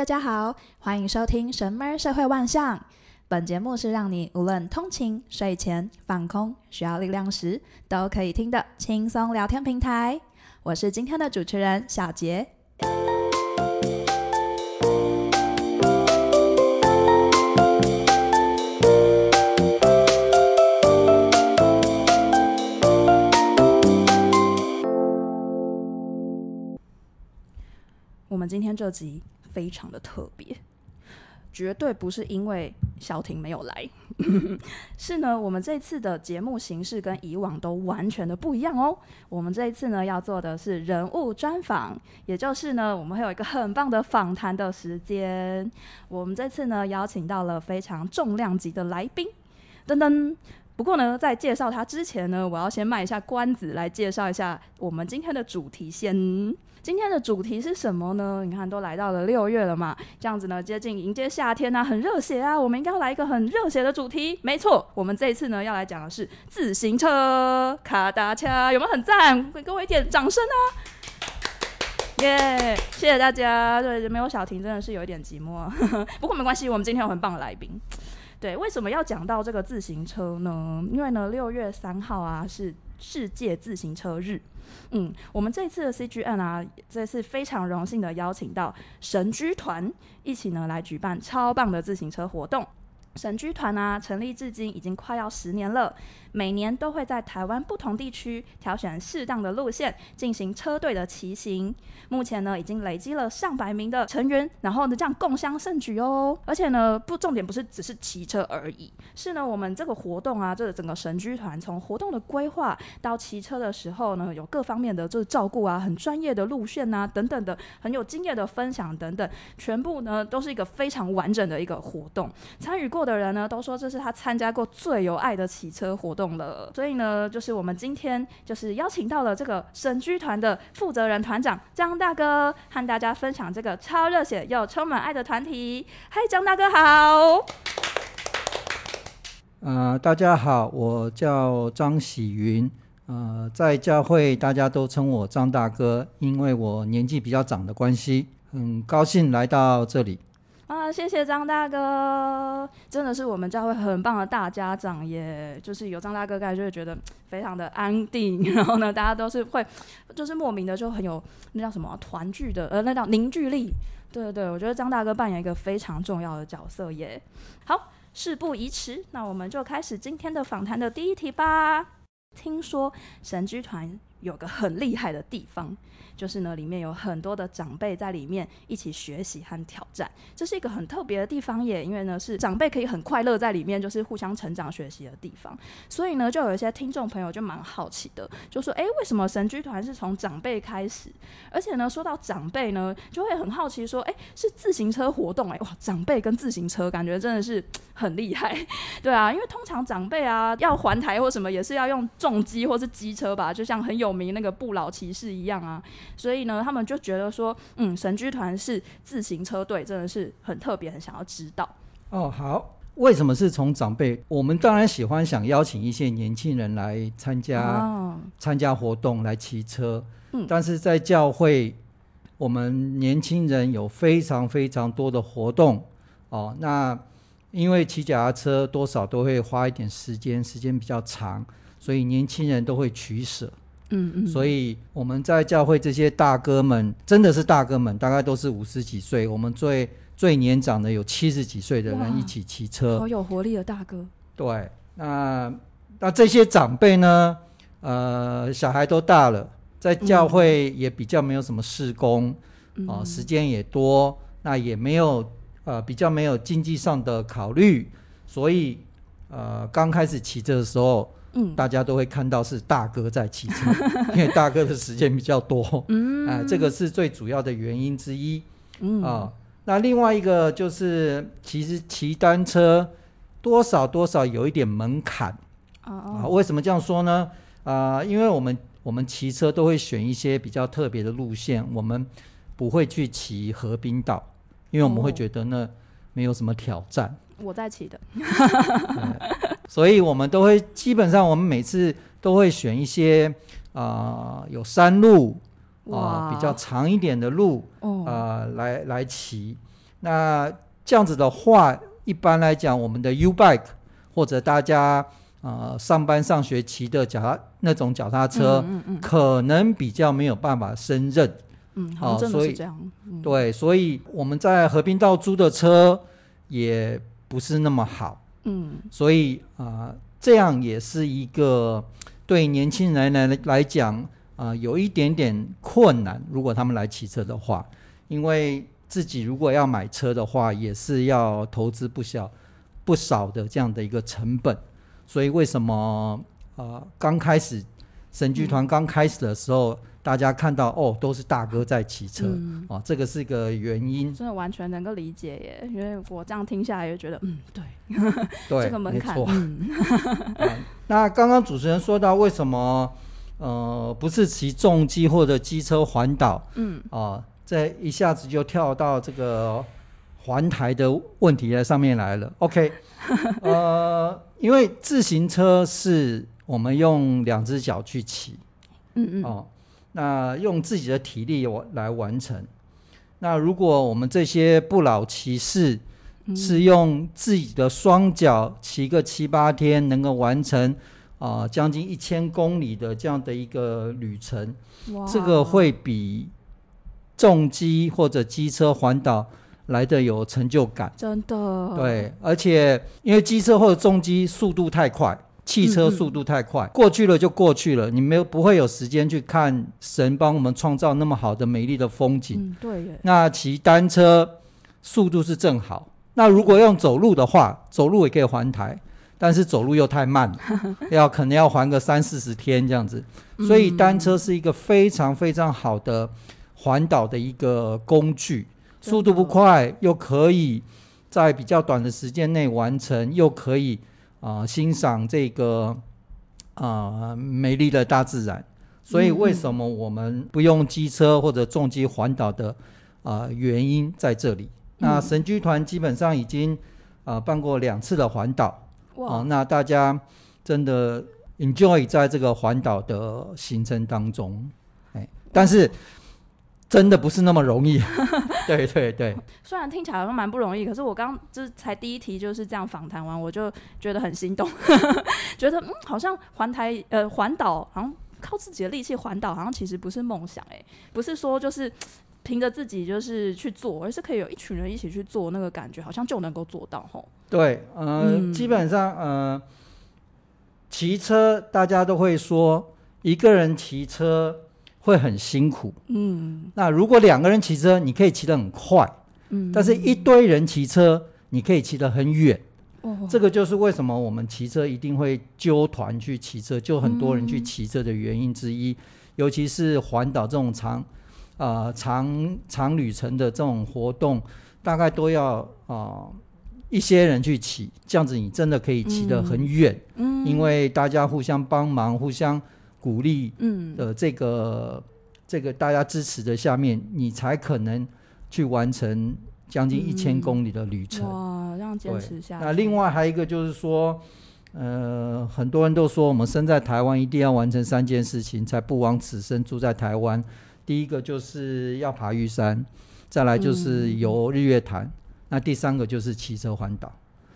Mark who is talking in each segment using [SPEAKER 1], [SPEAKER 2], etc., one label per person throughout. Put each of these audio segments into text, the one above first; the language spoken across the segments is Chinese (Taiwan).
[SPEAKER 1] 大家好，歡迎收聽《神貓社會萬象》。本節目是讓你無論通勤、睡前、放空、需要力量時，都可以聽的輕鬆聊天平台。我是今天的主持人小杰。我們今天這集非常的特別，絕對不是因為小婷沒有來， 是呢，我們這次的節目形式跟以往都完全的不一樣哦。我們這一次呢要做的是人物專訪，也就是呢，我們會有一個很棒的訪談的時間。我們這次呢邀請到了非常重量級的來賓，噔噔。不過呢，在介紹它之前呢，我要先賣一下關子，來介紹一下我們今天的主題先。今天的主題是什麼呢？你看都來到了六月了嘛，這樣子呢，接近迎接夏天啊，很熱血啊，我們應該要來一個很熱血的主題。沒錯，我們這一次呢要來講的是自行車卡達恰，有沒有很讚？給我一點掌聲啊！耶，yeah，謝謝大家。對，沒有小婷真的是有一點寂寞啊， 不過沒關係，我們今天有很棒的來賓。對，為什麼要講到這個自行車呢？因為呢，六月三號啊，是世界自行車日，嗯，我們這次的 CGM 啊，這次非常榮幸的邀請到神駒團一起呢來舉辦超棒的自行車活動。神駒團啊，成立至今已經快要十年了。每年都會在台灣不同地區挑選適當的路線進行車隊的騎行。目前呢，已經累積了上百名的成員，然後呢，這樣共襄盛舉哦。而且呢，不，重點不是只是騎車而已，是呢，我們這個活動啊，這整個神駒團從活動的規劃到騎車的時候呢，有各方面的就是照顧啊，很專業的路線啊，等等的，很有經驗的分享等等，全部呢都是一個非常完整的一個活動。參與過的人呢都說這是他參加過最有愛的騎車活動。動了，所以呢，就是我們今天就是邀請到了這個神駒團的負責人團長張大哥，和大家分享這個超熱血又充滿愛的團體。嗨，張大哥好。
[SPEAKER 2] 呃，大家好，我叫張喜云，呃，在教會大家都稱我張大哥，因為我年紀比較長的關係，很高興來到這裡。
[SPEAKER 1] 啊，謝謝張大哥，真的是我們教會很棒的大家長耶。就是有張大哥在，就會覺得非常的安定。然後呢，大家都是會，就是莫名的就很有那叫什麼、啊、團聚的，呃，那叫凝聚力。對對對，我覺得張大哥扮演一個非常重要的角色耶。好，事不宜遲，那我們就開始今天的訪談的第一題吧。聽說神駒團。有個很厲害的地方，就是呢，裡面有很多的長輩在裡面一起學習和挑戰，這是一個很特別的地方耶，因為呢是長輩可以很快樂在裡面，就是互相成長學習的地方。所以呢，就有一些聽眾朋友就蠻好奇的，就說：“哎、欸，為什麼神駒團是從長輩開始？而且呢，說到長輩呢，就會很好奇說：哎、欸，是自行車活動？哎，哇，長輩跟自行車，感覺真的是很厲害，對啊，因為通常長輩啊要環台或什麼也是要用重機或是機車吧，就像很有。我們那個不老騎士一樣啊，所以呢，他們就覺得說，嗯，神駒團是自行車隊，真的是很特別，很想要知道
[SPEAKER 2] 哦。好，為什麼是從長輩？我們當然喜歡想邀請一些年輕人來參加、哦、參加活動，來騎車。嗯，但是在教會，我們年輕人有非常非常多的活動哦。那因為騎腳踏車多少都會花一點時間，時間比較長，所以年輕人都會取捨。嗯嗯，所以我們在教會這些大哥們真的是大哥們，大概都是五十幾歲，我們最最年長的有七十幾歲的人一起騎車，
[SPEAKER 1] 好有活力的大哥。
[SPEAKER 2] 對，那那這些長輩呢？呃，小孩都大了，在教會也比較沒有什麼事工啊，嗯嗯嗯呃，時間也多，那也沒有呃比較沒有經濟上的考慮，所以呃剛開始騎車的時候。嗯，大家都會看到是大哥在騎車， 因為大哥的時間比較多， 嗯、哎，這個是最主要的原因之一。啊、嗯哦，那另外一個就是，其實騎單車多少多少有一點門檻。
[SPEAKER 1] 哦、啊，為什
[SPEAKER 2] 麼這樣說呢？啊、呃，因為我們我們騎車都會選一些比較特別的路線，我們不會去騎河濱道，因為我們會覺得那沒有什麼挑戰。
[SPEAKER 1] 哦、我在騎的。
[SPEAKER 2] 哎 所以我們都會基本上，我們每次都會選一些啊、呃、有山路啊
[SPEAKER 1] 哇、呃、比較
[SPEAKER 2] 長一點的路啊、哦呃、來來騎。那這樣子的話，一般來講，我們的 U bike 或者大家、呃、上班上學騎的腳踏那種腳踏車，嗯嗯嗯、可能比較沒有辦法勝任。嗯，呃、好，所以、嗯、對，所以我們在和平道租的車也不是那麼好。嗯，所以啊、呃，這樣也是一個對年輕人來來講啊、呃，有一點點困難。如果他們來騎車的話，因為自己如果要買車的話，也是要投資不小不少的這樣的一個成本。所以為什麼啊、呃，剛開始神駒團剛開始的時候，嗯大家看到哦，都是大哥在騎車、嗯、啊，這個是一個原因。
[SPEAKER 1] 真的完全能夠理解耶，因為我這樣聽下來就覺得，嗯，對，
[SPEAKER 2] 對，這個門檻，沒錯。那剛剛主持人說到，為什麼呃不是騎重機或者機車環島？嗯、呃、啊，這一下子就跳到這個環台的問題上面來了。OK，呃，因為自行車是我們用兩隻腳去騎，嗯嗯哦。呃那用自己的體力來完成。那如果我們這些不老騎士是用自己的雙腳騎個七八天，能夠完成啊、呃、將近一千公里的這樣的一個旅程，哇，這個會比重機或者機車環島來得有成就感。
[SPEAKER 1] 真的，對，
[SPEAKER 2] 而且因為機車或者重機速度太快。汽車速度太快，嗯、哼過去了就過去了，你沒有不會有時間去看神幫我們創造那麼好的美麗的風景。嗯、對，那騎單車速度是正好。那如果用走路的話，走路也可以環台，但是走路又太慢了 要可能要環個三四十天這樣子。所以，單車是一個非常非常好的環島的一個工具，速度不快，好又可以在比較短的時間內完成，又可以。啊、呃，欣賞這個啊、呃、美麗的大自然，所以為什麼我們不用機車或者重機環島的啊、呃、原因在這裡。那神駒團基本上已經啊、呃、辦過兩次的環島，啊、呃，那大家真的 enjoy 在這個環島的行程當中，誒，但是。真的不是那麼容易， 對對對。
[SPEAKER 1] 雖然聽起來好像蠻不容易，可是我剛就才第一題就是這樣訪談完，我就覺得很心動， 覺得嗯，好像環台呃環島，好像靠自己的力氣環島，好像其實不是夢想哎，不是說就是憑着自己就是去做，而是可以有一群人一起去做，那個感覺好像就能夠做到齁，
[SPEAKER 2] 對，呃、嗯，基本上呃，騎車大家都會說一個人騎車。會很辛苦，嗯，那如果兩個人騎車，你可以騎得很快，嗯，但是一堆人騎車，你可以騎得很遠，哦，這個就是為什麼我們騎車一定會揪團去騎車，就很多人去騎車的原因之一，嗯，尤其是環島這種長，呃，長長旅程的這種活動，大概都要啊、呃、一些人去騎，這樣子你真的可以騎得很遠，嗯，因為大家互相幫忙，互相。鼓勵的這個、嗯、這個大家支持的下面，你才可能去完成將近一千、嗯、公里的旅程。哇，
[SPEAKER 1] 這樣堅持下來。那
[SPEAKER 2] 另外還一個就是說，呃，很多人都說我們身在台灣，一定要完成三件事情才不枉此生住在台灣。第一個就是要爬玉山，再來就是遊日月潭，嗯、那第三個就是騎車環島。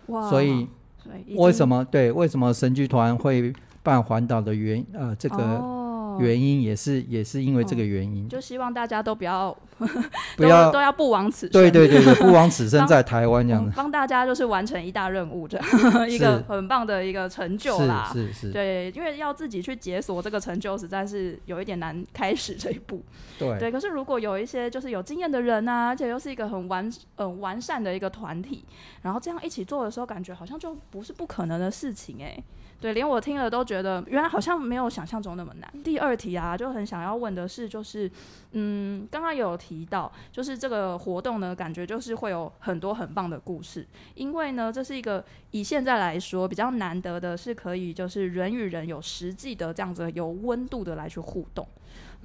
[SPEAKER 2] 哇，所以為什麼對？為什麼神駒團會？辦環島的原呃這個原因也是也是因為這個原因，嗯、就
[SPEAKER 1] 希望大家都不要呵呵都不要都要不枉此生。對，對對對，不枉此生在台灣這樣子、 嗯，幫大家就是完成一大任務這樣，一個很棒的一個成就啦。是是對，是是是因為要自己去解鎖這個成就，實在是有一點難開始這一步。
[SPEAKER 2] 對對，可
[SPEAKER 1] 是如果有一些就是有經驗的人啊，而且又是一個很完很完善的一個團體，然後這樣一起做的時候，感覺好像就不是不可能的事情哎、欸。對，連我聽了都覺得，原來好像沒有想象中那麼難。第二題啊，就很想要問的是，就是，嗯，剛剛有提到，就是這個活動呢，感覺就是會有很多很棒的故事，因為呢，這是一個以現在來說比較難得的，是可以就是人與人有實際的這樣子有溫度的來去互動。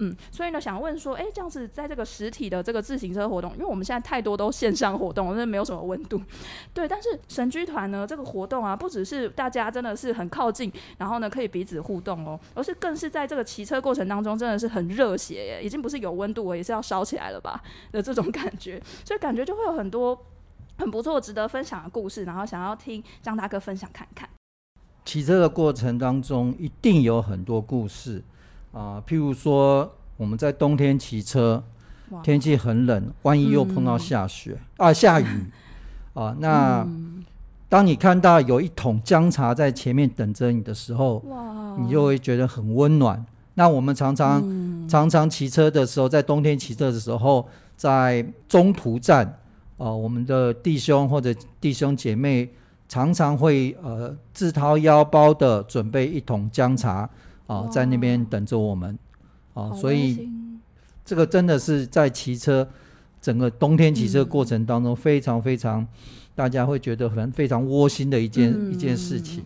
[SPEAKER 1] 嗯，所以呢，想問說，哎，這樣子在這個實體的這個自行車活動，因為我們現在太多都線上活動，真的沒有什麼溫度。對，但是神駒團呢，這個活動啊，不只是大家真的是很靠近，然後呢，可以彼此互動哦，而是更是在這個騎車過程當中，真的是很熱血耶，已經不是有溫度了，也是要燒起來了吧的這種感覺。所以感覺就會有很多很不錯、值得分享的故事，然後想要聽張大哥分享看看。
[SPEAKER 2] 騎車的過程當中，一定有很多故事。啊、呃，譬如說我們在冬天騎車，哇天氣很冷，萬一又碰到下雪，嗯、啊、下雨啊，呃，那、嗯、當你看到有一桶薑茶在前面等着你的時候，哇你就會覺得很溫暖。那我們常常，嗯、常常騎車的時候，在冬天騎車的時候，在中途站，呃，我們的弟兄或者弟兄姐妹常常會呃自掏腰包的準備一桶薑茶。啊，在那邊等着我們，啊，所以這個真的是在騎車，整個冬天騎車的過程當中，非常非常、大家會覺得很非常窩心的一件、嗯、一件事情、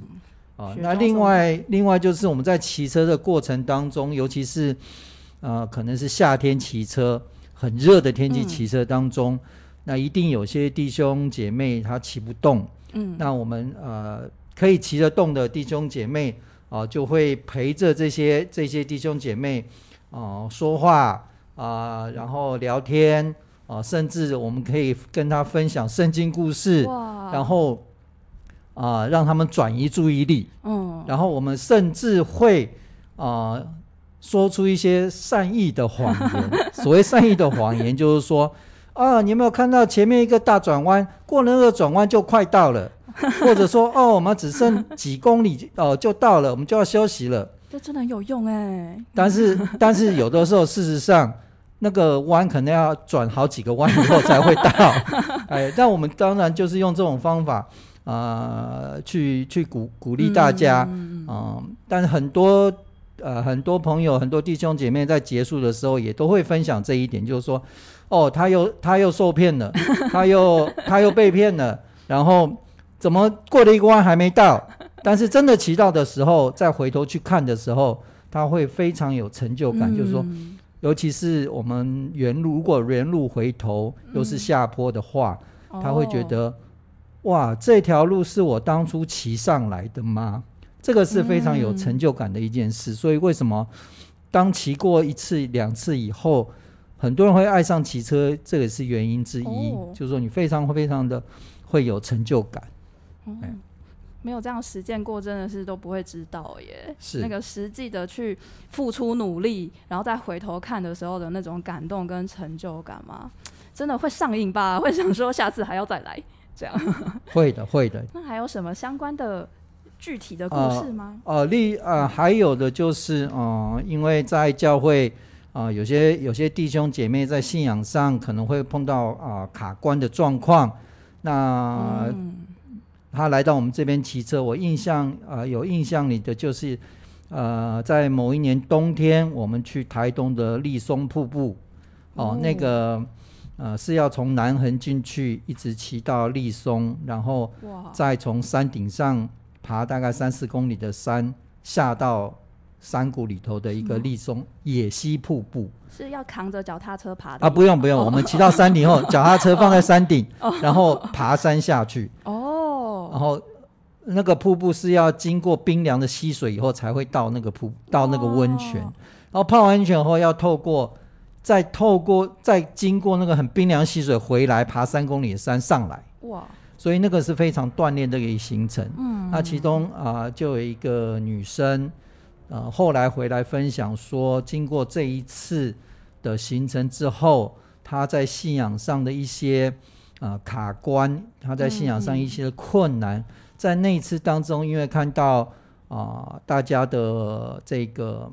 [SPEAKER 2] 嗯、啊。那另外另外就是我們在騎車的過程當中，尤其是啊、呃、可能是夏天騎車很熱的天氣騎車當中，嗯、那一定有些弟兄姐妹他騎不動，嗯，那我們呃可以騎得動的弟兄姐妹。啊、呃，就會陪着這些這些弟兄姐妹，啊、呃、說話啊、呃，然後聊天啊、呃，甚至我們可以跟他分享聖經故事，哇然後啊、呃，讓他們轉移注意力。嗯，然後我們甚至會啊、呃，說出一些善意的謊言。 所謂善意的謊言，就是說啊，你有沒有看到前面一個大轉彎？過那個轉彎就快到了。 或者說哦，我們只剩幾公里哦、呃，就到了，我們就要休息了。
[SPEAKER 1] 這真的有用哎、欸！
[SPEAKER 2] 但是但是有的時候，事實上 的那個彎可能要轉好幾個彎以後才會到 哎。但我們當然就是用這種方法啊、呃，去去鼓鼓勵大家嗯、呃，但很多呃很多朋友很多弟兄姐妹在結束的時候也都會分享這一點，就是說哦，他又他又受騙了 他，他又他又被騙了，然後。怎麼過了一個彎還沒到？但是真的騎到的時候， 再回頭去看的時候，他會非常有成就感。嗯、就是說，尤其是我們原路，如果原路回頭、嗯、又是下坡的話，他會覺得、哦、哇，這條路是我當初騎上來的嗎？這個是非常有成就感的一件事。嗯、所以為什麼當騎過一次、兩次以後，很多人會愛上騎車，這也是原因之一。哦、就是說，你非常非常的會有成就感。
[SPEAKER 1] 嗯，沒有這樣實踐過，真的是都不會知道耶。是那個實際的去付出努力，然後再回頭看的時候的那種感動跟成就感嘛，真的會上癮吧？會想說下次還要再來這樣。
[SPEAKER 2] 會的，會的。
[SPEAKER 1] 那還有什麼相關的具體的故事嗎？呃，
[SPEAKER 2] 呃，例呃，還有的就是呃，因為在教會啊，呃，有些有些弟兄姐妹在信仰上可能會碰到啊，呃，卡關的狀況，那嗯。他來到我們這邊騎車，我印象呃有印象裡的就是，呃，在某一年冬天，我們去台東的立松瀑布，哦，哦那個呃是要從南橫進去，一直騎到立松，然後再從山頂上爬大概三四公里的山，下到山谷裡頭的一個立松野溪瀑布。
[SPEAKER 1] 是要扛着腳踏車爬的啊？不用不用，哦、我們騎到山頂後，哦、腳踏車放
[SPEAKER 2] 在山頂，哦、然後爬山下去。
[SPEAKER 1] 哦哦然後，
[SPEAKER 2] 那個瀑布是要經過冰涼的溪水以後才會到那個瀑布，到那個溫泉，哇然後泡完溫泉後要透過，再透過再經過那個很冰涼溪水回來，爬三公里的山上來。哇！所以那個是非常鍛鍊的一個行程。嗯。那其中啊、呃，就有一個女生、呃，後來回來分享說，經過這一次的行程之後，她在信仰上的一些。啊、呃，卡關，他在信仰上一些困難，嗯嗯在那一次當中，因為看到啊、呃，大家的這個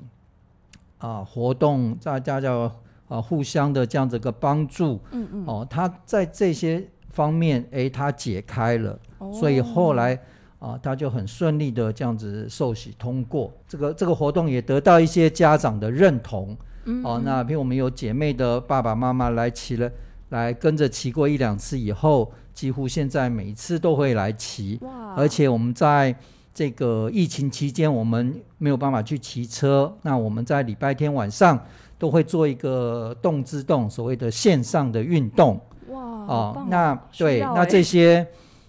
[SPEAKER 2] 啊、呃、活動，大家叫啊、呃、互相的這樣子個幫助，嗯嗯，哦、呃，他在這些方面，欸、他解開了，哦、所以後來啊、呃，他就很順利的這樣子受洗通過，這個這個活動也得到一些家長的認同，哦、嗯嗯呃，那比如我們有姐妹的爸爸媽媽來騎了。來跟着騎過一兩次以後，幾乎現在每次都會來騎。Wow 而且我們在這個疫情期間，我們沒有辦法去騎車，那我們在禮拜天晚上都會做一個動之動，所謂的線上的運動。哇 Wow,、呃，好棒哦，那對，欸、那這些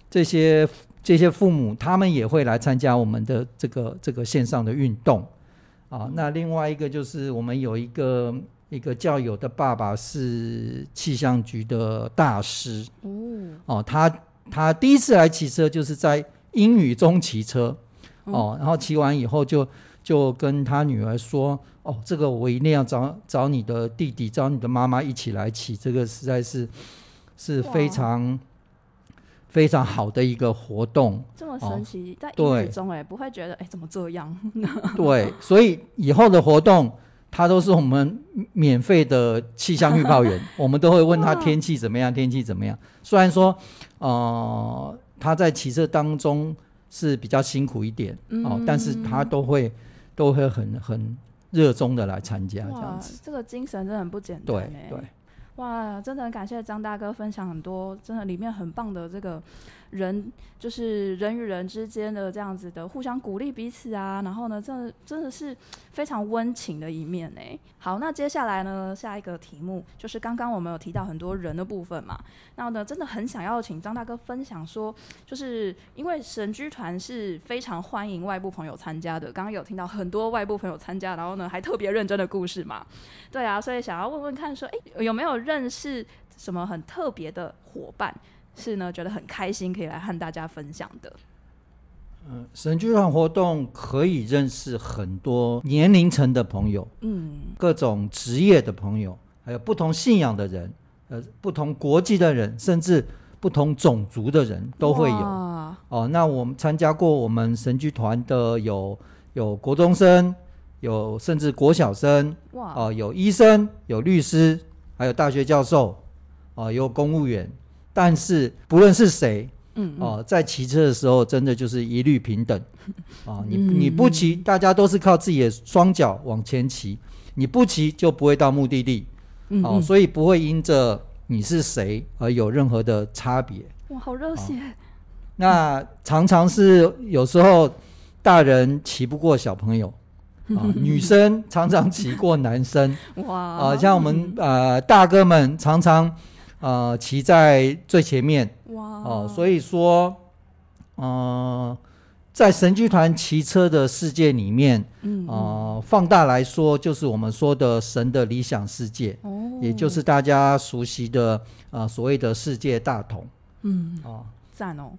[SPEAKER 2] 這些這些父母，他們也會來參加我們的這個這個線上的運動。啊、呃，那另外一個就是我們有一個。一個教友的爸爸是氣象局的大師、嗯、哦，他他第一次來騎車就是在英語中騎車、嗯、哦，然後騎完以後就就跟他女兒說哦，這個我一定要找找你的弟弟，找你的媽媽一起來騎，這個實在是是非常哇非常好的一個活動，這麼神奇、哦、在英語
[SPEAKER 1] 中哎、欸，對不會覺得哎、欸、怎麼這樣對，
[SPEAKER 2] 所以以後的活動。他都是我們免費的氣象預報員， 我們都會問他天氣怎麼樣，哇天氣怎麼樣。雖然說，呃，他在騎車當中是比較辛苦一點、嗯、哦，但是他都會都會很很熱衷的來參加，這樣子，
[SPEAKER 1] 這個精神真的很不簡單誒，對，對哇，真的很感謝張大哥分享很多，真的裡面很棒的這個。人就是人與人之間的這樣子的互相鼓勵彼此啊，然後呢，這真的是非常溫情的一面哎。好，那接下來呢，下一個題目就是剛剛我們有提到很多人的部分嘛，那呢真的很想要請張大哥分享說，就是因為神駒團是非常歡迎外部朋友參加的，剛剛有聽到很多外部朋友參加，然後呢還特別認真的故事嘛。對啊，所以想要問問看說，誒、欸，有沒有認識什麼很特別的夥伴？是呢，覺得很開心，可以來和大家分享的。嗯、呃，
[SPEAKER 2] 神駒團活動可以認識很多年齡層的朋友，嗯，各種職業的朋友，還有不同信仰的人，呃，不同國籍的人，甚至不同種族的人都會有。哦哇、呃，那我們參加過我們神駒團的有有國中生，有甚至國小生，哇，哦、呃，有醫生，有律師，還有大學教授，哦、呃，有公務員。但是不論是誰，嗯哦、嗯呃，在騎車的時候，真的就是一律平等，呃、你嗯嗯你不騎，大家都是靠自己的雙腳往前騎，你不騎就不會到目的地，呃嗯嗯呃、所以不會因着你是誰而有任何的差別。
[SPEAKER 1] 哇，好熱血、呃！
[SPEAKER 2] 那常常是有時候大人騎不過小朋友，啊、呃，女生常常騎過男生，哇、呃，像我們、呃、大哥們常常。呃，騎在最前面，哦哇、呃，所以說，呃，在神駒團騎車的世界裡面，嗯，嗯、呃，放大來說，就是我們說的神的理想世界，哦，也就是大家熟悉的，呃，所謂的世界大同，嗯，
[SPEAKER 1] 呃、讚哦，讚哦，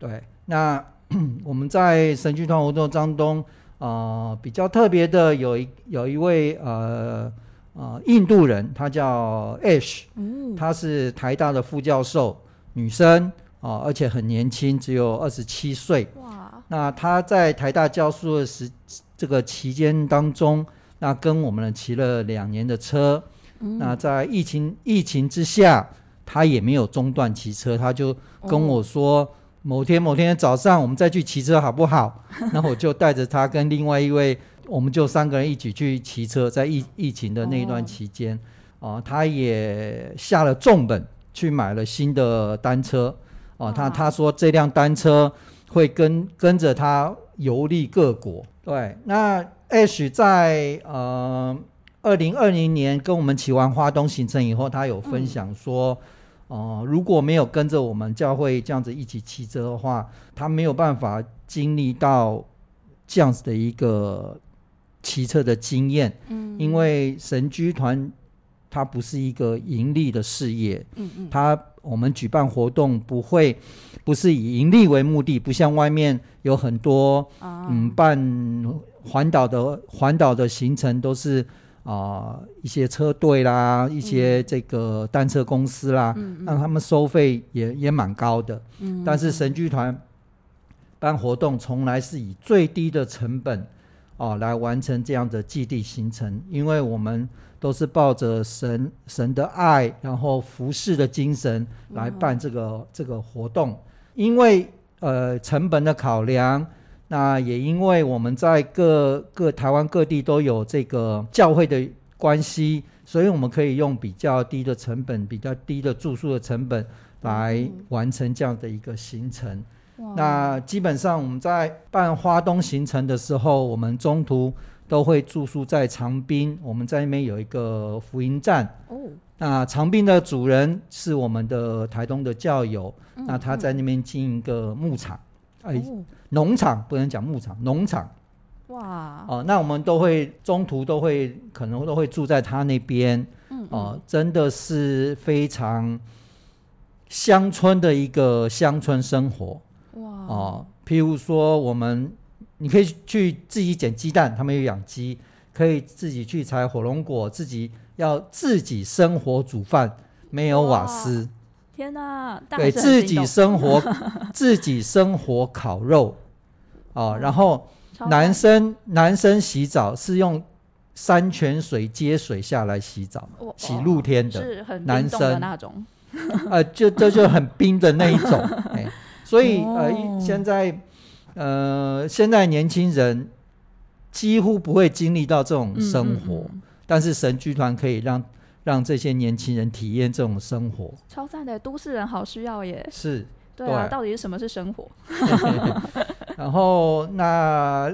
[SPEAKER 2] 對，那 我們在神駒團活動當中，呃，比較特別的有一有一位呃。啊、呃，印度人，他叫 Ash，、嗯、他是台大的副教授，女生啊、呃，而且很年輕，只有二十七歲。哇！那他在台大教書的時這個期間當中，那跟我們呢騎了兩年的車。嗯、那在疫情疫情之下，他也沒有中斷騎車，他就跟我說：“哦、某天某天早上，我們再去騎車好不好？”那我就帶着他跟另外一位。 我們就三個人一起去騎車，在疫疫情的那一段期間，啊、oh. 呃，他也下了重本去買了新的單車，啊、呃，他、oh. 他說這輛單車會跟跟着他遊歷各國。對，那 H 在呃二零二零年跟我們騎完花東行程以後，他有分享說，哦、oh. 呃，如果沒有跟着我們教會這樣子一起騎車的話，他沒有辦法經歷到這樣子的一個。騎車的經驗，嗯，因為神駒團它不是一個盈利的事業，嗯嗯，它我們舉辦活動不會不是以盈利為目的，不像外面有很多，嗯，辦、嗯、環島的環島的行程都是啊、呃、一些車隊啦，一些這個單車公司啦，讓、嗯嗯、他們收費也也蠻高的，嗯，嗯，嗯，但是神駒團辦活動從來是以最低的成本。啊、哦，來完成這樣的祭地行程，因為我們都是抱着神神的愛，然後服侍的精神來辦這個、嗯哦、這個活動。因為呃成本的考量，那也因為我們在各個台灣各地都有這個教會的關係，所以我們可以用比較低的成本，比較低的住宿的成本來完成這樣的一個行程。嗯那基本上我們在辦花東行程的時候，我們中途都會住宿在長濱，我們在那邊有一個福音站。哦，那長濱的主人是我們的台東的教友，嗯、那他在那邊經營一個牧場，嗯、哎，哦、農場不能講牧場，農場。哇，哦、呃，那我們都會中途都會可能都會住在他那邊，哦、嗯呃，真的是非常鄉村的一個鄉村生活。哦，譬如說，我們你可以去自己撿雞蛋，他們有養雞，可以自己去採火龍果，自己要自己生火煮飯，沒有瓦斯。
[SPEAKER 1] 哦、天哪！對自己生活，
[SPEAKER 2] 自己生火烤肉。哦，然後男生美男生洗澡是用山泉水接水下來洗澡，哦、洗露天的，是很男生的那種，呃，就這就很冰的那一種。 哎所以、oh. 呃，現在，呃，現在年輕人幾乎不會經歷到這種生活，嗯嗯嗯、但是神駒團可以讓讓這些年輕人體驗這種生活。
[SPEAKER 1] 超讚的，都市人好需要耶。是，對啊，對到底是什麼是生活？
[SPEAKER 2] 然後，那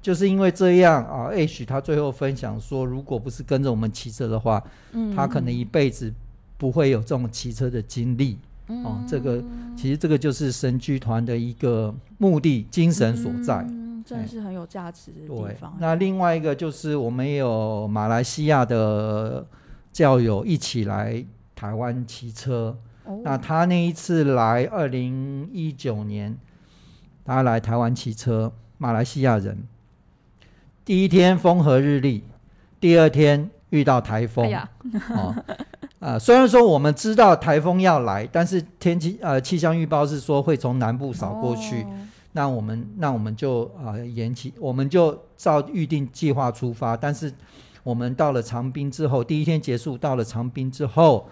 [SPEAKER 2] 就是因為這樣啊，H 他最後分享說，如果不是跟着我們騎車的話，嗯、他可能一輩子不會有這種騎車的經歷。嗯、哦，這個其實這個就是神駒團的一個目的精神所在，嗯，真是很有價值的地方，哎。對，嗯、那另外一個就是我們有馬來西亞的教友一起來台灣騎車，哦，那他那一次來二零一九年，他來台灣騎車，馬來西亞人，第一天風和日麗，第二天遇到颱風。啊、呃，雖然說我們知道台風要來，但是天氣呃氣象預報是說會從南部掃過去。oh. 那，那我們那我們就啊、呃、延期，我們就照預定計劃出發。但是我們到了長濱之後，第一天結束到了長濱之後，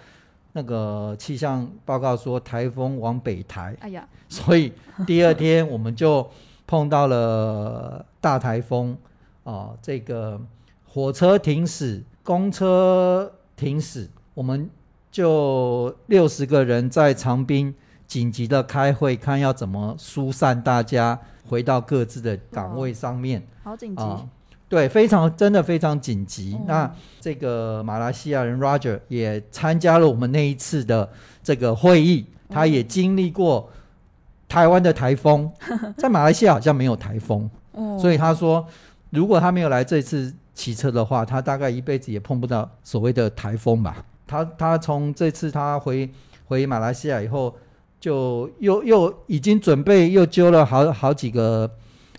[SPEAKER 2] 那個氣象報告說台風往北抬，哎呀，所以第二天我們就碰到了大台風啊、oh. 呃，這個火車停駛，公車停駛。我們就六十個人在長濱緊急的開會，看要怎麼疏散大家回到各自的崗位上面。哦、好緊急、啊，對，非常真的非常緊急。哦、那這個馬來西亞人 Roger 也參加了我們那一次的這個會議，哦、他也經歷過台灣的台風，哦、在馬來西亞好像沒有台風， 所以他說，如果他沒有來這次騎車的話，他大概一輩子也碰不到所謂的台風吧。他他從這次他回回馬來西亞以後，就又又已經準備又揪了好好幾個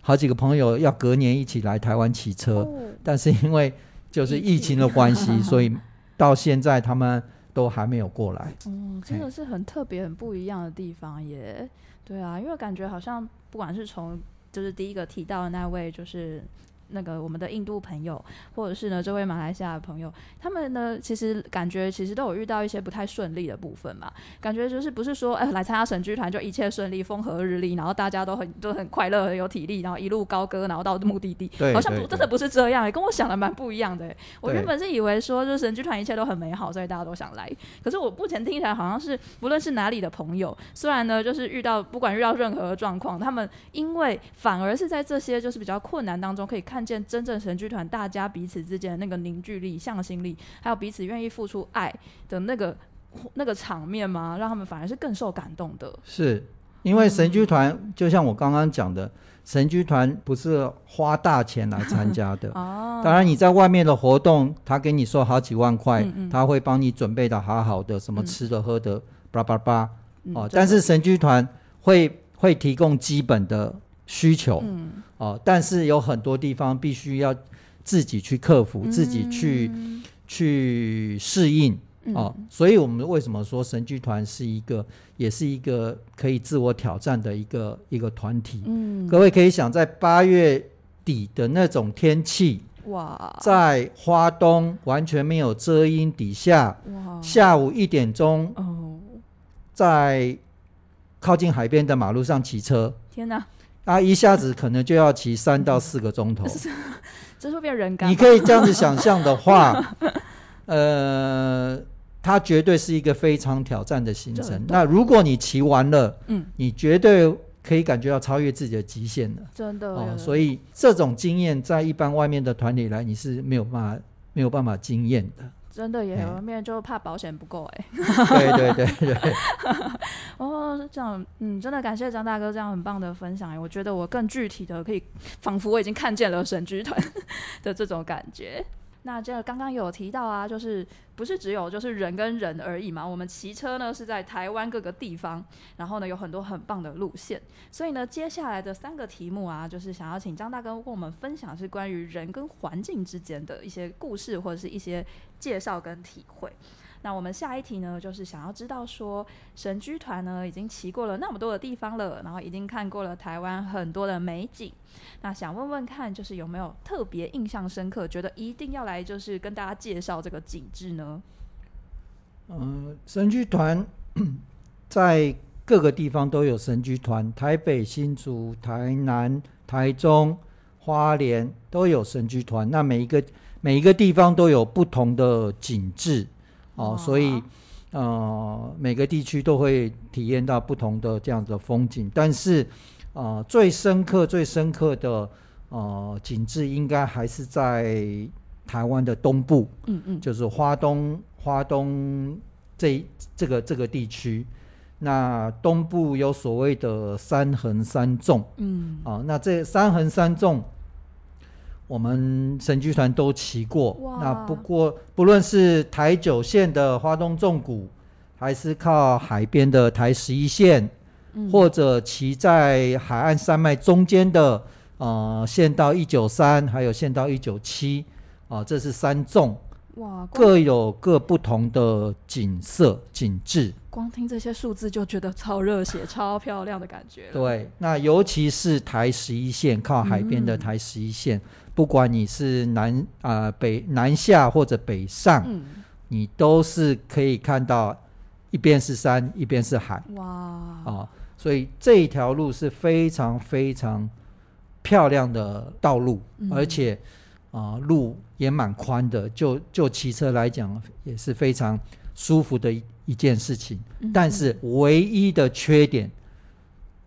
[SPEAKER 2] 好幾個朋友要隔年一起來台灣騎車，哦、但是因為就是疫情的關係，疫情，所以到現在他們都還沒有過來。嗯，真的
[SPEAKER 1] 是很特別、哎、很不一樣的地方耶。對啊，因為感覺好像不管是從就是第一個提到的那位就是。那個我們的印度朋友，或者是呢這位馬來西亞的朋友，他們呢其實感覺其實都有遇到一些不太順利的部分嘛。感覺就是不是說哎、欸、來參加神駒團就一切順利風和日麗，然後大家都很都很快樂很有體力，然後一路高歌，然後到目的地。對對對，好像不真的不是這樣、欸，跟我想的蠻不一樣的、欸。我原本是以為說就是神駒團一切都很美好，所以大家都想來。可是我目前聽起來好像是不論是哪裡的朋友，雖然呢就是遇到不管遇到任何狀況，他們因為反而是在這些就是比較困難當中可以看看見真正神駒團大家彼此之間那個凝聚力、向心力，還有彼此願意付出愛的那個那個場面嗎？讓他們反而是更受感動的。
[SPEAKER 2] 是因為神駒團、嗯、就像我剛剛講的，神駒團不是花大錢來參加的。 哦、當然你在外面的活動，他給你收好幾萬塊，他、嗯嗯、會幫你準備的好好的，什麼吃的喝的，叭叭叭。哦，嗯、但是神駒團會會提供基本的需求。嗯。哦，但是有很多地方必須要自己去克服，嗯、自己去去適應、嗯、哦。所以，我們為什麼說神駒團是一個，也是一個可以自我挑戰的一個一個團體？嗯，各位可以想，在八月底的那種天氣，哇，在花東完全沒有遮陰底下，哇，下午一點鐘、哦、在靠近海邊的馬路上騎車，天哪！啊，一下子可能就要騎三到四個鐘頭，
[SPEAKER 1] 這是會變人乾。你可以這樣子想象的話，
[SPEAKER 2] 呃，它絕對是一個非常挑戰的行程。那如果你騎完了，嗯，你絕對可以感覺到超越自己的極限了。真的哦，所以這種經驗在一般外面的團裡來，你是沒有辦法、沒有辦法經驗的。真的也有面，因
[SPEAKER 1] 面就怕保險不夠哎、欸。 對對對對,
[SPEAKER 2] 對。
[SPEAKER 1] 哦，這樣，嗯，真的感謝張大哥這樣很棒的分享哎，我覺得我更具體的可以，仿佛我已經看見了神駒團的這種感覺。那這剛剛有提到啊，就是不是只有就是人跟人而已嘛？我們騎車呢是在台灣各個地方，然後呢有很多很棒的路線。所以呢，接下來的三個題目啊，就是想要請張大哥跟我們分享，是關於人跟環境之間的一些故事，或者是一些介紹跟體會。那我們下一題呢，就是想要知道說，神駒團呢已經騎過了那麼多的地方了，然後已經看過了台灣很多的美景。那想問問看，就是有沒有特別印象深刻，覺得一定要來，就是跟大家介紹這個景致呢？嗯、呃，
[SPEAKER 2] 神駒團在各個地方都有神駒團，台北、新竹、台南、台中、花蓮都有神駒團。那每一個每一個地方都有不同的景致。哦，所以，呃，每個地區都會體驗到不同的這樣的風景，但是，呃，最深刻，最深刻的呃景致，應該還是在台灣的東部，嗯嗯，嗯，就是花東、花東這這個這個地區，那東部有所謂的三橫三縱，嗯，啊、呃，那這三橫三縱。我們神駒團都騎過，哇那不過不論是台九線的花東縱谷，還是靠海邊的台十一線，嗯、或者騎在海岸山脈中間的呃縣道一九三，還有縣道一九七啊，這是三縱哇，各有各不同的景色景致。
[SPEAKER 1] 光聽這些數字就覺得超熱血、 超漂亮的感覺。對，
[SPEAKER 2] 那尤其是台十一線靠海邊的台十一線。嗯嗯不管你是南啊、呃、北南下或者北上，嗯、你都是可以看到一邊是山，一邊是海。哇！啊，所以這一條路是非常非常漂亮的道路，嗯、而且啊，路也蠻寬的。就就騎車來講，也是非常舒服的一一件事情。嗯嗯，但是唯一的缺點，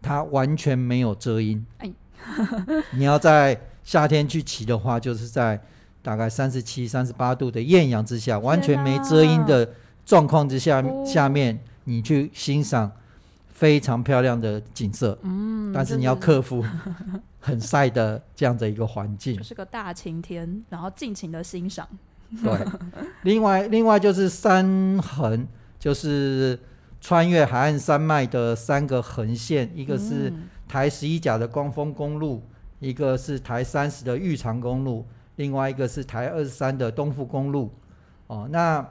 [SPEAKER 2] 它完全沒有遮陰。哎、 你要在。夏天去騎的話，就是在大概三十七、三十八度的豔陽之下，啊、完全沒遮陰的狀況之下，哦、下面你去欣賞非常漂亮的景色。嗯，但是你要克服很曬的這樣的一個環境，就是
[SPEAKER 1] 個大晴天，然後盡情的欣賞。 對，
[SPEAKER 2] 另外另外就是三橫，就是穿越海岸山脈的三個橫線，一個是台十一甲的光豐公路。嗯一個是台三十的玉長公路，另外一個是台二十三的東富公路。哦，那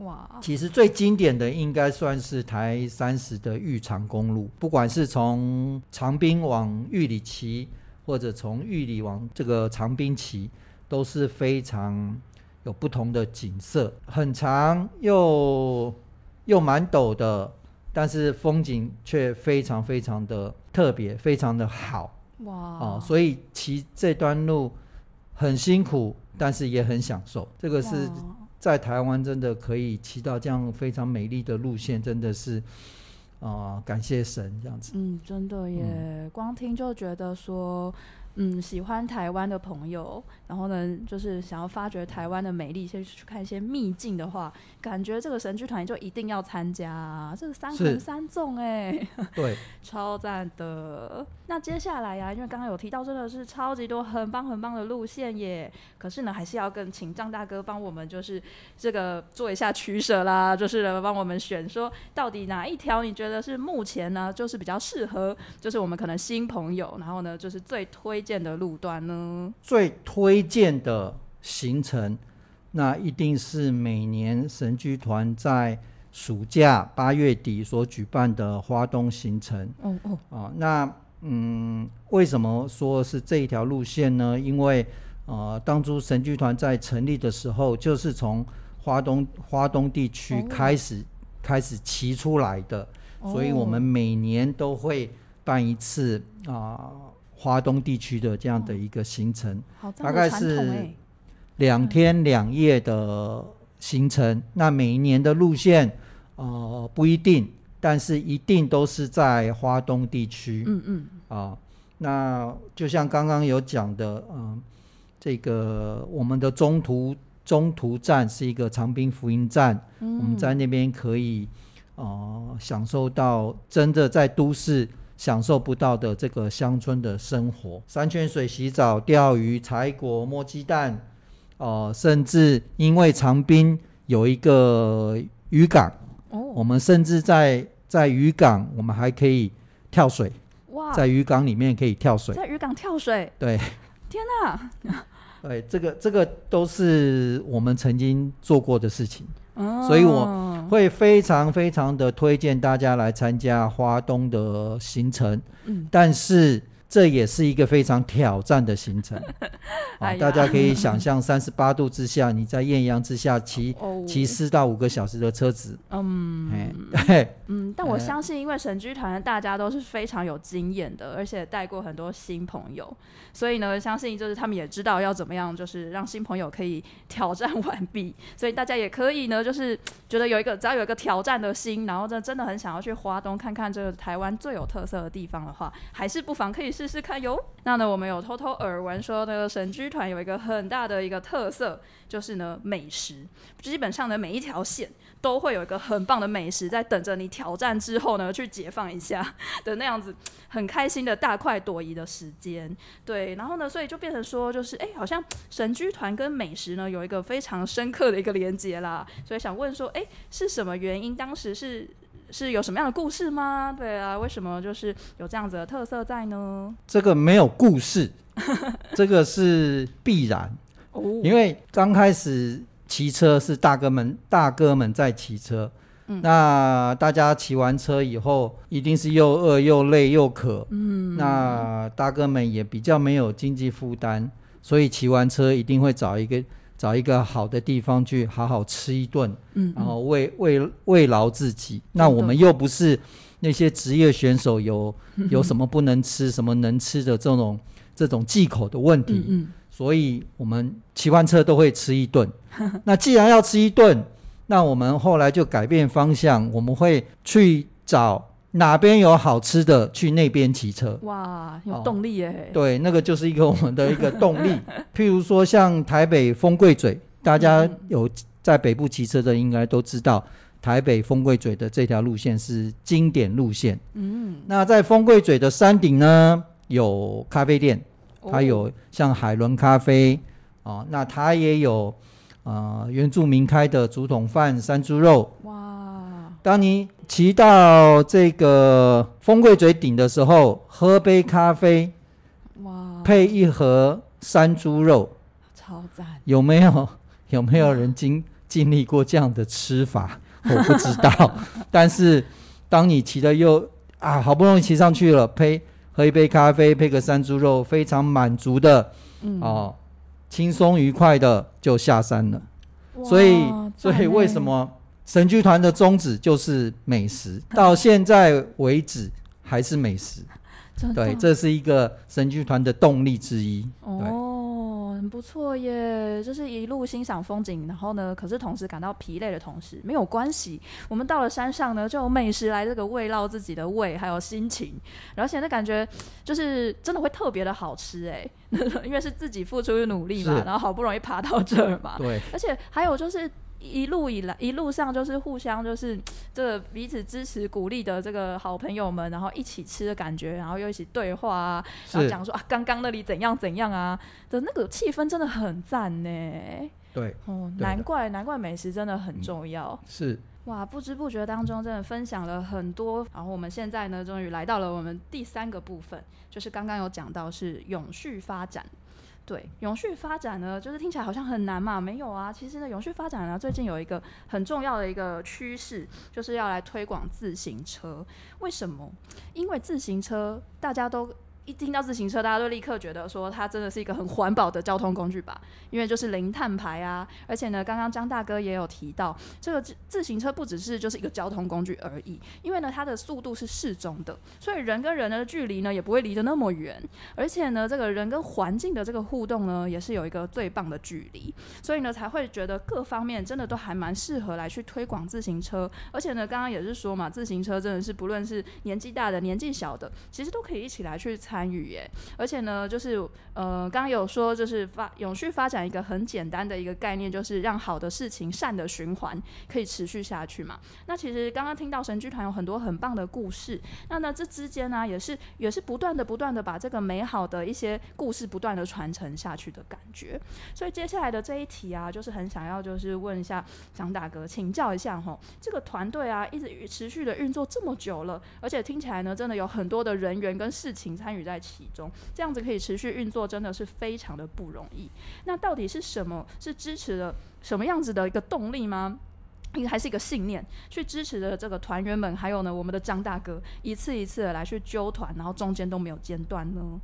[SPEAKER 2] 哇，其實最經典的應該算是台三十的玉長公路，不管是從長濱往玉里騎，或者從玉里往這個長濱騎，都是非常有不同的景色，很長又又蠻陡的，但是風景卻非常非常的特別，非常的好。哇、啊！所以騎這段路很辛苦，但是也很享受。這個是在台灣真的可以騎到這樣非常美麗的路線，真的是啊、呃，感謝神這樣子。
[SPEAKER 1] 嗯，真的耶，光聽就覺得說。嗯，喜歡台灣的朋友，然後呢，就是想要發掘台灣的美麗，先去看一些秘境的話，感覺這個神駒團就一定要參加、啊，這三三、欸、是三橫三縱哎，對，超贊的。那接下來呀、啊，因為剛剛有提到真的是超級多，很棒很棒的路線耶。可是呢，還是要跟請張大哥幫我們就是這個做一下取捨啦，就是幫我們選說到底哪一條你覺得是目前呢，就是比較適合，就是我們可能新朋友，然後呢，就是最推。的路段呢？
[SPEAKER 2] 最推薦的行程，那一定是每年神駒團在暑假八月底所舉辦的花東行程。哦哦、嗯、哦，啊、那嗯，為什麼說是這一條路線呢？因為呃，當初神駒團在成立的時候，就是從花東花東地區開始、哦、開始騎出來的，哦、所以我們每年都會辦一次啊。呃花東地區的這樣的一個行程，大概是兩天兩夜的行程。那每一年的路線呃不一定，但是一定都是在花東地區。嗯嗯。啊，那就像剛剛有講的，嗯，這個我們的中途中途站是一個長濱福音站，我們在那邊可以呃享受到真的在都市。享受不到的這個鄉村的生活，山泉水洗澡、釣魚、採果、摸雞蛋，呃，甚至因為長濱有一個漁港，哦，我們甚至在在漁港，我們還可以跳水，哇在漁港裡面可以跳水，在
[SPEAKER 1] 漁港跳水，對，天哪，
[SPEAKER 2] 對，這個這個都是我們曾經做過的事情。Oh. 所以我會非常非常的推薦大家來參加花東的行程，嗯、但是。這也是一個非常挑戰的行程、 哎呀啊、大家可以想象，三十八度之下， 你在艷陽之下騎、嗯、騎四到五個小時的車子。嗯，對嘿。嗯，但我相
[SPEAKER 1] 信，因為神駒團大家都是非常有經驗的，哎、呀而且帶過很多新朋友，所以呢，相信就是他們也知道要怎麼樣，就是讓新朋友可以挑戰完畢。所以大家也可以呢，就是覺得有一個，只要有一個挑戰的心，然後這真的很想要去花東看看這個台灣最有特色的地方的話，還是不妨可以。試試看喲。那呢，我們有偷偷耳聞說那個神駒團有一個很大的一個特色，就是呢，美食。基本上呢，每一條線都會有一個很棒的美食在等着你挑戰之後呢，去解放一下的那樣子，很開心的大快朵頤的時間。對，然後呢，所以就變成說，就是哎、欸，好像神駒團跟美食呢有一個非常深刻的一個連接啦。所以想問說，哎、欸，是什麼原因？當時是。是有什麼樣的故事嗎？對啊，為什麼就是有這樣子的特色在呢？
[SPEAKER 2] 這個沒有故事， 這個是必然。哦，因為剛開始騎車是大哥們大哥們在騎車，嗯，那大家騎完車以後一定是又餓又累又渴，嗯，那大哥們也比較沒有經濟負擔，所以騎完車一定會找一個。找一個好的地方去好好吃一頓，嗯，嗯，然後慰慰慰勞自己。嗯、那我們又不是那些職業選手有，有、嗯、有什麼不能吃、嗯、什麼能吃的這種這種忌口的問題，嗯，嗯，所以我們騎完車都會吃一頓。呵呵，那既然要吃一頓，那我們後來就改變方向，我們會去找。哪邊有好吃的，去那邊騎車。哇，
[SPEAKER 1] 有動力耶、哦！
[SPEAKER 2] 對，那個就是一個我們的一個動力。 譬如說，像台北風櫃嘴，大家有在北部騎車的，應該都知道、嗯、台北風櫃嘴的這條路線是經典路線。嗯，那在風櫃嘴的山頂呢，有咖啡店，它有像海倫咖啡哦，哦，那它也有啊、呃，原住民開的竹筒飯、山豬肉。哇。當你騎到這個風櫃嘴頂的時候，喝杯咖啡，哇配一盒山豬肉，超讚讚。有沒有有沒有人經哇經歷過這樣的吃法？我不知道。 但是當你騎的又啊，好不容易騎上去了，配喝一杯咖啡，配個山豬肉，非常滿足的，嗯、哦，輕鬆愉快的就下山了。哇所以，所以為什麼？神駒團的宗旨就是美食，到現在為止還是美食， 的對，這是一個神駒團的動力之一。哦，oh, 很
[SPEAKER 1] 不錯耶！就是一路欣賞風景，然後呢，可是同時感到疲累的同時，沒有關係。我們到了山上呢，就有美食來這個慰勞自己的胃還有心情，而且那感覺就是真的會特別的好吃哎， 因為是自己付出努力嘛，是然後好不容易爬到這兒嘛，對，而且還有就是。一路以來，一路上就是互相就是這個彼此支持鼓勵的這個好朋友們，然後一起吃的感覺，然後又一起對話啊，是然後講說啊剛剛那裡怎樣怎樣啊的那個氣氛真的很讚呢。
[SPEAKER 2] 對，哦，難
[SPEAKER 1] 怪的難怪美食真的很重要。嗯、是哇，不知不覺當中真的分享了很多，然後我們現在呢終於來到了我們第三個部分，就是剛剛有講到是永續發展。對，永續發展呢，就是聽起來好像很難嘛，沒有啊，其實呢，永續發展呢，最近有一個很重要的一個趨勢，就是要來推廣自行車。為什麼？因為自行車大家都。一聽到自行車，大家都立刻覺得說它真的是一個很環保的交通工具吧，因為就是零碳排啊。而且呢，剛剛張大哥也有提到，這個自行車不只是就是一個交通工具而已，因為呢，它的速度是適中的，所以人跟人的距離呢也不會離得那麼遠，而且呢這個人跟環境的這個互動呢也是有一個最棒的距離，所以呢才會覺得各方面真的都還蠻適合來去推廣自行車。而且呢，剛剛也是說嘛，自行車真的是不論是年紀大的、年紀小的，其實都可以一起來去踩。參與耶，而且呢，就是呃，剛剛有說，就是發永續發展一個很簡單的一個概念，就是讓好的事情善的循環可以持續下去嘛。那其實剛剛聽到神駒團有很多很棒的故事，那呢，這之間呢、啊，也是也是不斷的不斷的把這個美好的一些故事不斷的傳承下去的感覺。所以接下來的這一題啊，就是很想要就是問一下張大哥，請教一下吼這個團隊啊，一直持續的運作這麼久了，而且聽起來呢，真的有很多的人員跟事情參與在其中，這樣子可以持續運作，真的是非常的不容易。那到底是什麼？是支持了什麼樣子的一個動力嗎？應該還是一個信念，去支持着這個團員們，還有呢，我們的張大哥，一次一次的來去揪團，然後中間都沒有間斷呢？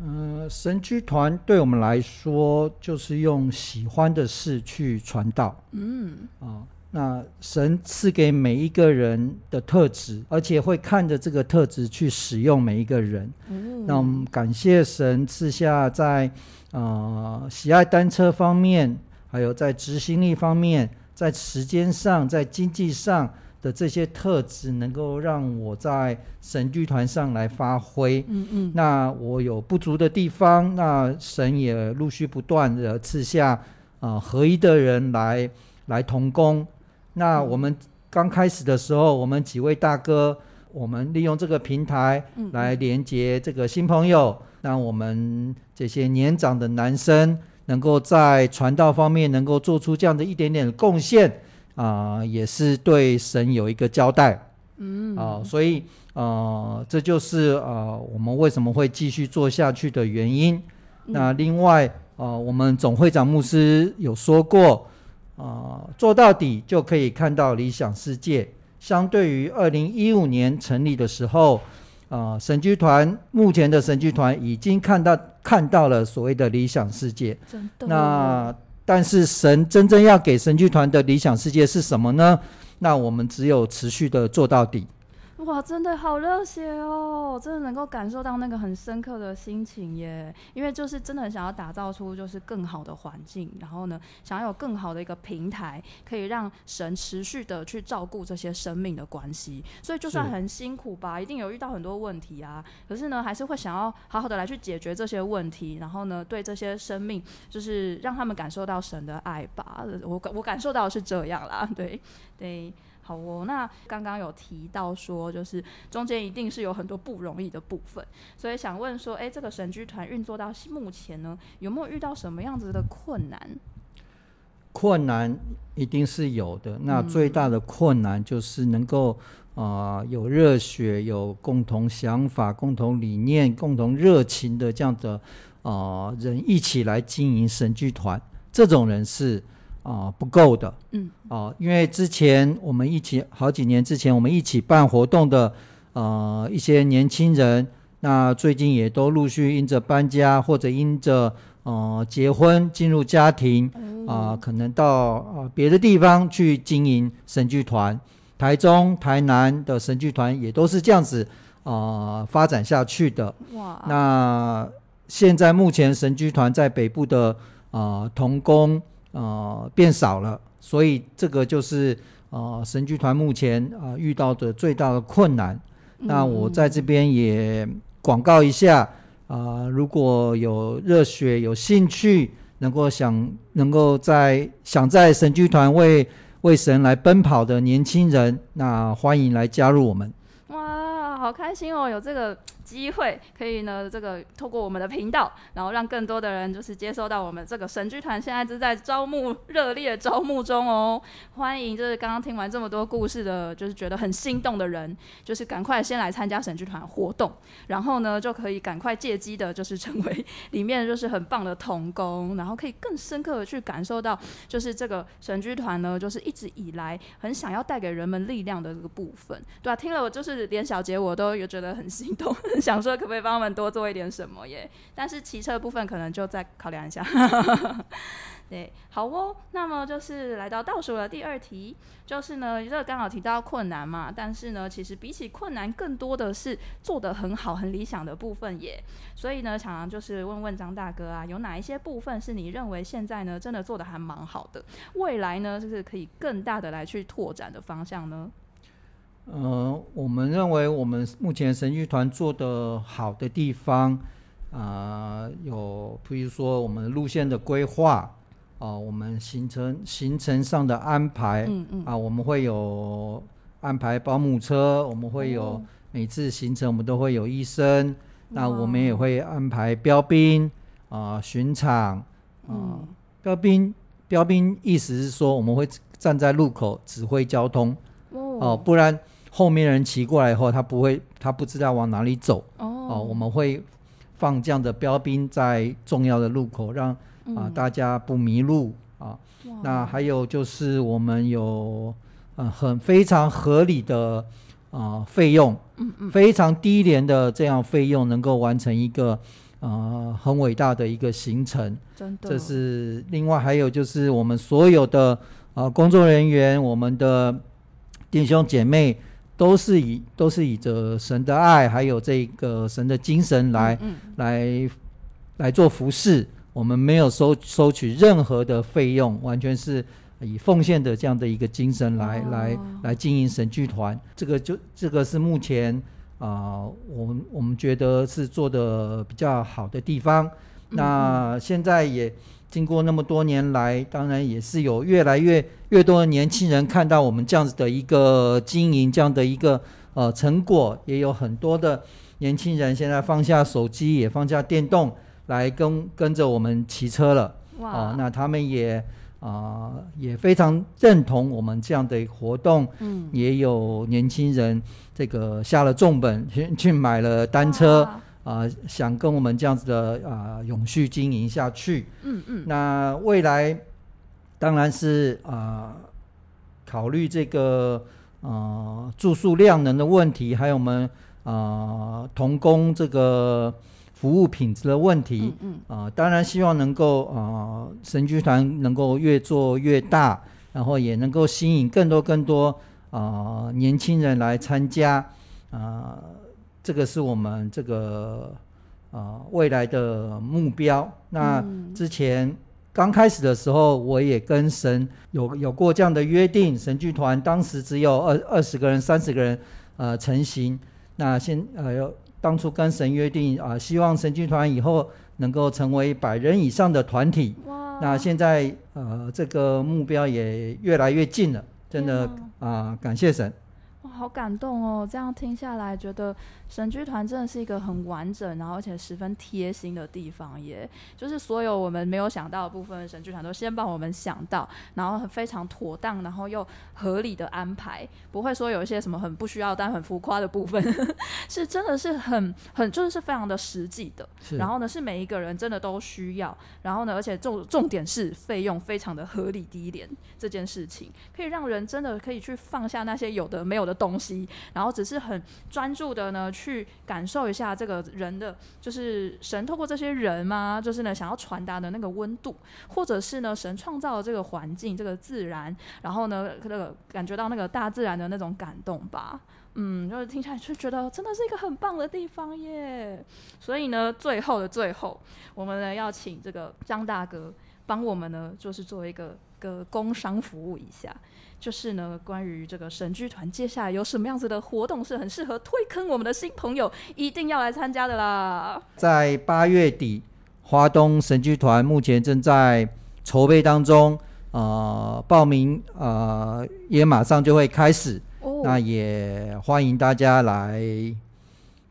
[SPEAKER 1] 嗯、呃，
[SPEAKER 2] 神駒團對我們來說，就是用喜歡的事去傳道。嗯，啊。那神賜給每一個人的特質，而且會看着這個特質去使用每一個人。嗯嗯。那我們感謝神賜下在呃喜愛單車方面，還有在執行力方面，在時間上、在經濟上的這些特質，能夠讓我在神駒團上來發揮。嗯嗯。那我有不足的地方，那神也陸續不斷的賜下啊、呃、合一的人來來同工。那我們剛開始的時候，我們幾位大哥，我們利用這個平台來連接這個新朋友，嗯、讓我們這些年長的男生能夠在傳道方面能夠做出這樣的一點點的貢獻啊、呃，也是對神有一個交代。嗯啊，所以啊、呃，這就是啊、呃，我們為什麼會繼續做下去的原因。嗯、那另外啊、呃，我們總會長牧師有說過。啊、呃，做到底就可以看到理想世界。相對於二零一五年成立的時候，啊、呃，神駒團，目前的神駒團已經看到看到了所謂的理想世界。真的。那但是神真正要給神駒團的理想世界是什麼呢？那我們只有持續的做到底。
[SPEAKER 1] 哇，真的好熱血哦！真的能夠感受到那個很深刻的心情耶，因為就是真的很想要打造出就是更好的環境，然後呢，想要有更好的一個平台，可以讓神持續的去照顧這些生命的關係。所以就算很辛苦吧，一定有遇到很多問題啊，可是呢，還是會想要好好的來去解決這些問題，然後呢，對這些生命就是讓他們感受到神的愛吧。我我感受到是這樣啦，對，對。好哦，那剛剛有提到說，就是中間一定是有很多不容易的部分，所以想問說，哎、欸，這個神駒團運作到目前呢，有沒有遇到什麼樣子的困難？
[SPEAKER 2] 困難一定是有的。那最大的困難就是能夠啊、嗯呃，有熱血、有共同想法、共同理念、共同熱情的這樣的啊、呃、人一起來經營神駒團，這種人是。啊、呃，不夠的。嗯，啊、呃，因為之前我們一起好幾年之前我們一起辦活動的，呃，一些年輕人，那最近也都陸續因着搬家或者因着呃結婚進入家庭，啊、嗯呃，可能到別、呃、的地方去經營神駒團，台中、台南的神駒團也都是這樣子啊、呃、發展下去的。哇，那現在目前神駒團在北部的啊、呃、同工。呃，變少了，所以這個就是呃神駒團目前啊、呃、遇到的最大的困難。那我在這邊也廣告一下啊、嗯呃，如果有熱血、有興趣，能夠想能夠在想在神駒團為為神來奔跑的年輕人，那歡迎來加入我們。
[SPEAKER 1] 哇，好開心哦，有這個。機會可以呢，這個透過我們的頻道，然後讓更多的人就是接收到我們這個神駒團現在正在招募，熱烈的招募中哦！歡迎就是剛剛聽完這麼多故事的，就是覺得很心動的人，就是趕快先來參加神駒團活動，然後呢就可以趕快借機的，就是成為裡面就是很棒的同工，然後可以更深刻的去感受到，就是這個神駒團呢，就是一直以來很想要帶給人們力量的這個部分。對啊，聽了我就是連小杰我都有覺得很心動。想說可不可以幫他們多做一點什麼耶？但是騎車的部分可能就再考量一下。 對，好哦。那麼就是來到倒數的第二題，就是呢，這個剛好提到困難嘛。但是呢，其實比起困難，更多的是做得很好、很理想的部分耶。所以呢，常常就是問問張大哥啊，有哪一些部分是你認為現在呢真的做得還蠻好的？未來呢，就是可以更大的來去拓展的方向呢？
[SPEAKER 2] 呃，我們認為我們目前神駒團做的好的地方，啊、呃，有比如說我們路線的規劃，啊、呃，我們行程行程上的安排，嗯嗯，嗯啊，我們會有安排保姆車，我們會有每次行程我們都會有醫生，哦、那我們也會安排標兵啊、呃，巡場，呃嗯、標兵標兵意思是說我們會站在路口指揮交通，哦、呃，不然。後面的人騎過來以後，他不會，他不知道往哪裡走。哦、oh. 呃。我們會放這樣的標兵在重要的路口，讓啊、嗯呃、大家不迷路啊。呃、Wow. 那還有就是我們有、呃、很非常合理的啊、呃、費用，嗯嗯非常低廉的這樣費用能夠完成一個啊、呃、很偉大的一個行程。真的。這是另外還有就是我們所有的啊、呃、工作人員，我們的弟兄姐妹。Yeah. 都是以都是以着神的愛，還有這個神的精神來、嗯嗯、來來做服侍。我們沒有收收取任何的費用，完全是以奉獻的這樣的一個精神來、哦、來來經營神駒團。這個就這個是目前啊、呃，我我們覺得是做得比較好的地方。那現在也。嗯經過那麼多年來，當然也是有越來越越多的年輕人看到我們這樣子的一個經營這樣的一個呃成果，也有很多的年輕人現在放下手機，也放下電動，來跟跟着我們騎車了。哇！呃，那他們也啊、呃、也非常認同我們這樣的活動，嗯，也有年輕人這個下了重本先去，去買了單車。啊、呃，想跟我們這樣子的啊、呃，永續經營下去。嗯嗯。嗯那未來當然是啊、呃，考慮這個啊、呃、住宿量能的問題，還有我們啊、呃、同工這個服務品質的問題。嗯啊、嗯呃，當然希望能夠啊、呃、神駒團能夠越做越大，然後也能夠吸引更多更多啊、呃、年輕人來參加啊。呃這個是我們這個啊、呃、未來的目標。那之前、嗯、剛開始的時候，我也跟神有有過這樣的約定。神駒團當時只有二二十個人、三十個人呃成型。那先呃，當初跟神約定啊、呃，希望神駒團以後能夠成為百人以上的團體。哇那現在呃，這個目標也越來越近了。真的啊、嗯呃，感謝神。好
[SPEAKER 1] 感動哦！這樣聽下來，覺得神駒團真的是一個很完整，然後而且十分貼心的地方耶。就是所有我們沒有想到的部分，神駒團都先幫我們想到，然後非常妥當，然後又合理的安排，不會說有一些什麼很不需要但很浮誇的部分， 是真的是很很就是是非常的實際的。是然後呢，是每一個人真的都需要。然後呢，而且重重點是費用非常的合理低廉，這件事情可以讓人真的可以去放下那些有的沒有的東東西，然後只是很專注的呢，去感受一下這個人的，就是神透過這些人嘛、啊，就是呢想要傳達的那個溫度，或者是呢神創造的這個環境，這個自然，然後呢那、這個感覺到那個大自然的那種感動吧。嗯，就是聽起來就覺得真的是一個很棒的地方耶。所以呢，最後的最後，我們呢要請這個張大哥幫我們呢，就是做一個個工商服務一下，就是呢關於這個神劇團接下來有什麼樣子的活動是很適合推坑我們的新朋友，一定要來參加的啦。
[SPEAKER 2] 在八月底，華東神劇團目前正在籌備當中，呃，報名呃也馬上就會開始。那也歡迎大家來，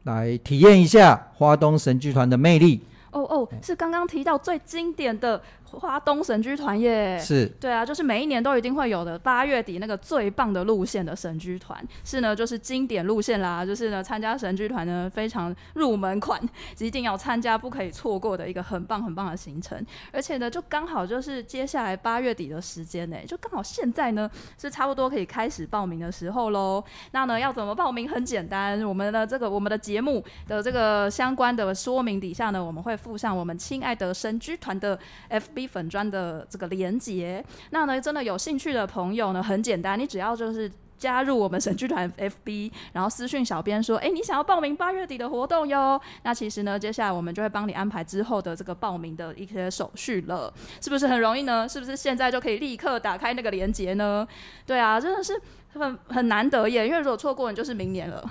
[SPEAKER 2] 來體驗一下花東神駒團的魅力。
[SPEAKER 1] 哦哦，是剛剛提到最經典的。花東神駒團耶，是對啊，就是每一年都一定會有的八月底那個最棒的路線的神駒團，是呢，就是經典路線啦，就是呢，參加神駒團呢非常入門款，一定要參加，不可以錯過的一個很棒很棒的行程，而且呢，就剛好就是接下來八月底的時間呢，就剛好現在呢是差不多可以開始報名的時候嘍。那呢，要怎麼報名，很簡單，我們的這個我們的節目的這個相關的說明底下呢，我們會附上我們親愛的神駒團的 F。粉專的這個連接，那呢，真的有興趣的朋友呢，很簡單，你只要就是加入我們神駒團 FB，然後私訊小編說，誒、欸，你想要報名八月底的活動喲。那其實呢，接下來我們就會幫你安排之後的這個報名的一些手續了，是不是很容易呢？是不是現在就可以立刻打開那個連接呢？對啊，真的是。很很難得耶，因為如果錯過，你就是明年了。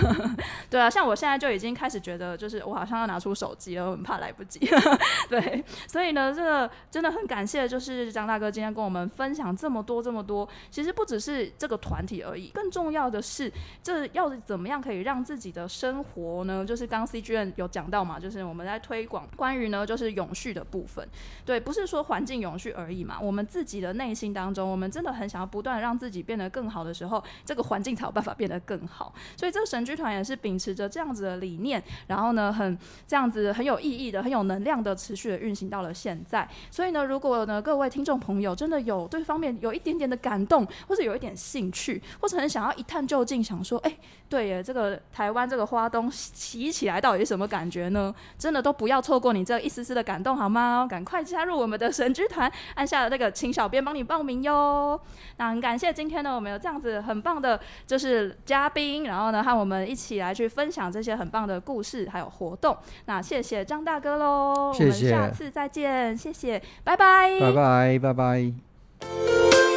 [SPEAKER 1] 對啊，像我現在就已經開始覺得，就是我好像要拿出手機了，我很怕來不及。 對，所以呢，這個真的很感謝，就是張大哥今天跟我們分享這麼多這麼多。其實不只是這個團體而已，更重要的是，這、就是、要怎麼樣可以讓自己的生活呢？就是剛 CGM 有講到嘛，就是我們在推廣關於呢，就是永續的部分。對，不是說環境永續而已嘛，我們自己的內心當中，我們真的很想要不斷讓自己變得更好。的時候，這個環境才有辦法變得更好。所以這個神駒團也是秉持着這樣子的理念，然後呢，很這樣子很有意義的、很有能量的持續的運行到了現在。所以呢，如果呢各位聽眾朋友真的有對方面有一點點的感動，或者有一點興趣，或者很想要一探究竟，想說，哎，對耶，這個台灣這個花東騎起，起來到底是什麼感覺呢？真的都不要錯過你這一絲絲的感動好嗎？趕快加入我們的神駒團，按下那、這個請小編幫你報名喲。那很感謝今天呢，我們有在。這樣子很棒的，就是嘉賓，然後呢，和我們一起來去分享這些很棒的故事，還有活動。那謝謝張大哥嘍，謝謝，我們下次再見，謝謝，拜拜，
[SPEAKER 2] 拜拜，拜拜。